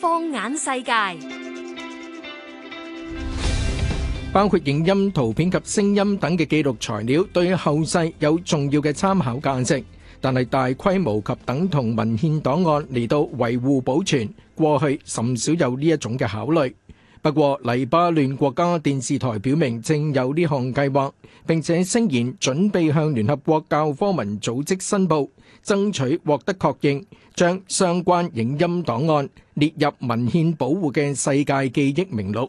放眼世界，包括影音、圖片及聲音等嘅記錄材料，對後世有重要嘅參考價值。但係大規模及等同文獻檔案嚟到維護保存，過去甚少有呢一種嘅考慮。不過，黎巴嫩國家電視台表明正有呢項計劃，並且聲言準備向聯合國教科文組織申報，爭取獲得確認，將相關影音檔案列入文獻保護嘅世界記憶名錄。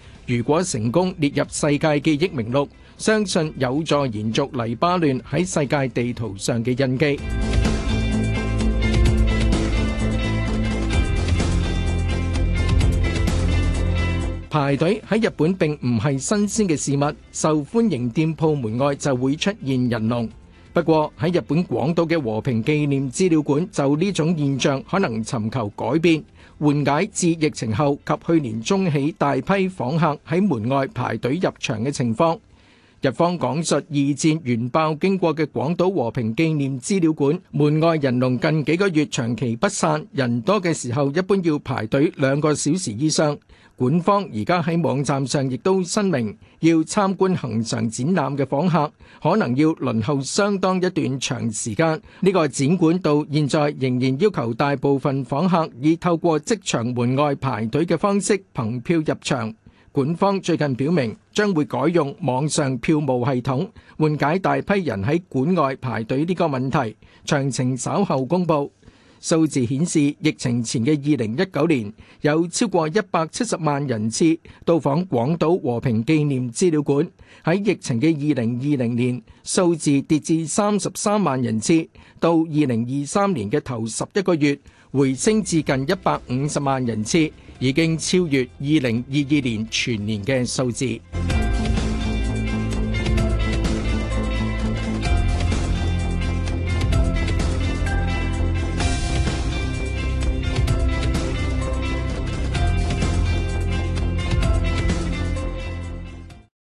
如果成功列入世界記憶名錄，相信有助延續黎巴嫩喺世界地圖上嘅印記。排隊喺日本並唔係新鮮嘅事物，受歡迎店鋪門外就會出現人龍。不過喺日本廣島嘅和平紀念資料館，就呢種現象可能尋求改變，緩解自疫情後及去年中起大批訪客喺門外排隊入場嘅情況。日方講述二戰原爆經過嘅廣島和平紀念資料館門外人龍近幾個月長期不散，人多嘅時候一般要排隊兩個小時以上。館方而家喺網站上亦都申明，要參觀恆常展覽嘅訪客可能要輪候相當一段長時間。呢個展館到現在仍然要求大部分訪客以透過職場門外排隊嘅方式憑票入場。館方最近表明將會改用網上票務系統，緩解大批人喺館外排隊呢個問題。詳情稍後公佈。數字顯示，疫情前嘅二零一九年有超過一百七十萬人次到訪廣島和平紀念資料館，喺疫情嘅二零二零年數字跌至三十三萬人次，到二零二三年嘅頭十一個月回升至近一百五十萬人次，已經超越二零二二年全年嘅數字。